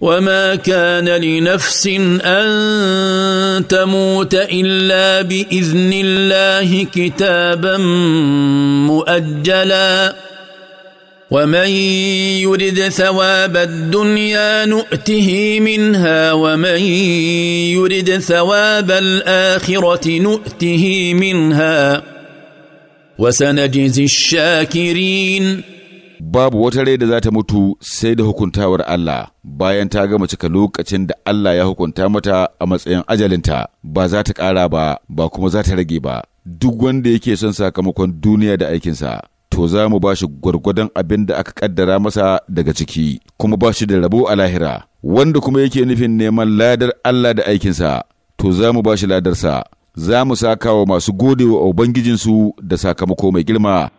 وما كان لنفس ان تموت الا باذن الله كتابا مؤجلا ومن يرد ثواب الدنيا نؤته منها ومن يرد ثواب الاخره نؤته منها وسنجزي الشاكرين babu wata rai da za ta mutu sai da hukuntawar Allah bayan ta gama cika lokacin da Allah ya hukunta mata a matsayin ajalinta ba za ta ƙara ba ba kuma za ta rage ba duk wanda yake son sakamakon duniya da aikinsa to za mu ba shi gwargwadon abin da aka kaddara masa daga ciki kuma ba shi da rabo a lahira wanda kuma yake nufin neman ladar Allah da aikinsa to za mu ba shi ladarsa za mu sakawa masu godewa Ubangijinsu da sakamako mai girma.